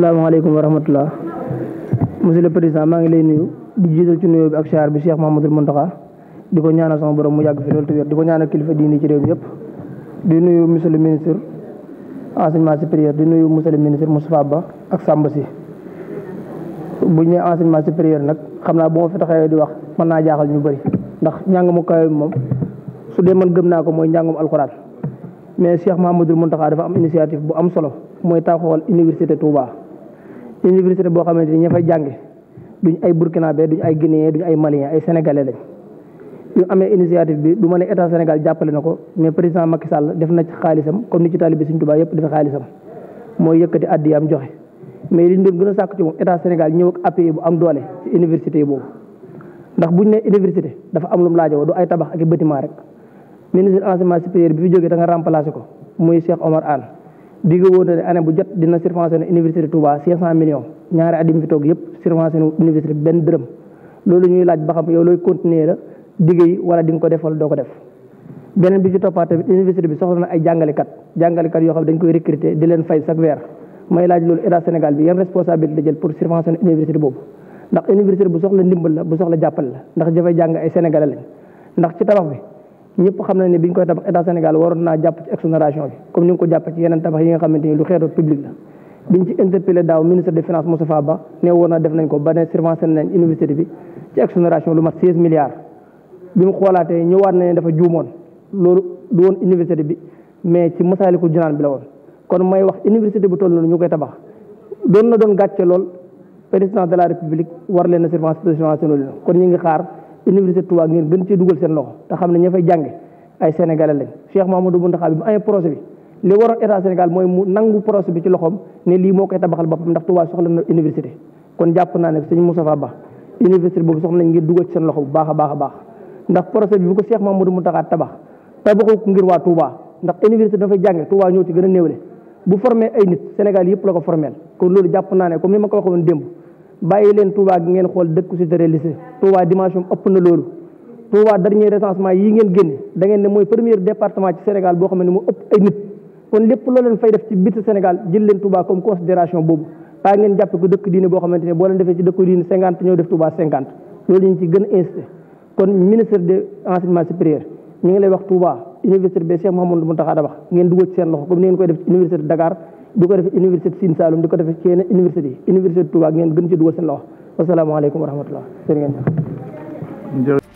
assalamualaikum wa monsieur le président digital ngi lay nuyu di jiital ci nuyoo bi ak bi Cheikh di ko ñaanal sama borom mu yàgg fi di ko ñaanal kilifa diini ci réew mi yëpp di nuyu monsieur le ministre enseignement supérieur di nuyu monsieur le ministre Moustapha Ba ak Samba Sy bu ñu nee enseignement supérieur Nak xam naa bu ma fi taxawee di wax mën naa jaaxal ñu bëri ndax njàng mu su man gëm ko mais Cheikh dafa am initiative bu am solo mooy taxawal université Touba université boo xamante ni ña fay jànge duñ ay burkinabé duñ ay guinéen duñ ay malien ay sénégalais lañ ñu amee initiative bi du ma ne état Sénégal jàppale na ko mais président Macky Sall def na ci xaalisam comme ni ci taalibe Sëriñ Tuubaa yëpp def xaalisam mooy yëkkati addiyaam joxe mais liñ doon gën a sàkk ci moom état Sénégal ñëw ak appui bu am doole ci université yi boobu ndax buñ ne université dafa am lu mu laajoo du ay tabax ak i rek ministre enseignement supérieur bi fi da nga remplacé ko muy Cheikh Omar Anne digg woon na ne année bu jot dina subventionné université Touba 500 millions ñaari at yi fi toog yëpp subventionné université benn dërëm loolu ñuy laaj ba xam yow looy continuer la digg yi wala di nga ko def doo ko def. beneen bi ci toppaat tamit université bi soxla na ay jàngalekat jàngalekat yoo xam dañ koy recrité di leen fay sa weer may laaj loolu état Sénégal bi yan responsabilité jël pour subventionné université boobu. ndax université bu soxla ndimbal la bu soxla jàppal la ndax dafay jàng ay sénégalais ndax ci tabax ñëpp xam na ne bi ñu koy tabax état Sénégal waroon naa jàpp ci exonération bi comme ni nga ko jàpp ci yeneen tabax yi nga xamante ni lu xeetu public la biñ ci interpellé daaw ministre des finances Moustapha Ba ne woon na def nañ ko ba ne subventionné nañ université bi ci exonération lu mat 16 milliards bi mu xoolaatee ñëwaat na ne dafa juumoon loolu du woon université bi mais ci Masaalikul Jinaan bi la woon kon may wax université bu toll noonu ñu koy tabax doon na doon gàcce lool président de la république war leen na subventionné kon ñu xaar université Touba ngeen gën cee dugal seen loxo te xam ne ña fay jànge ay sénégalais lañ Cheikh Mamadou Mountakha bi mu amee projet bi li waroon état Sénégal mooy mu nangu projet bi ci loxoom ne lii moo koy tabaxal boppam ndax Touba soxla na université kon jàpp naa ne sëñ Moustapha Ba université boobu soxla nañ ngeen dugal ci seen loxo bu baax a baax a baax ndax projet bi bu ko Cheikh Mamadou Mountakha tabax tabaxu ko ngir waa Touba ndax université dafay jànge Touba ñoo ci gën a néewle bu formé ay nit Sénégal yëpp la ko formel kon loolu jàpp naa ne comme ni ma ko waxoon démb bàyyi leen Touba gi ngeen xool dëkk si tere lycée Touba dimension ëpp na loolu Touba dernier recensement yi ngeen génne da ngeen ne mooy premier département ci Sénégal boo xam ne moo ëpp ay nit kon lépp loo leen fay def ci biir Sénégal jël leen Touba comme considération boobu taa ngeen jàppe ko dëkk diine boo xamante ne boo leen defee ci dëkk diine cinquante ñëw def Touba cinquante loolu ñu ci gën a insisté kon ministre de enseignement supérieur di ko defee université Sine Saloum di ko defee ci yenn université yi université Touba ak ngeen gën ci dugal seen loxo wasalaamaaleykum wa rahmatullah sëñ ngeen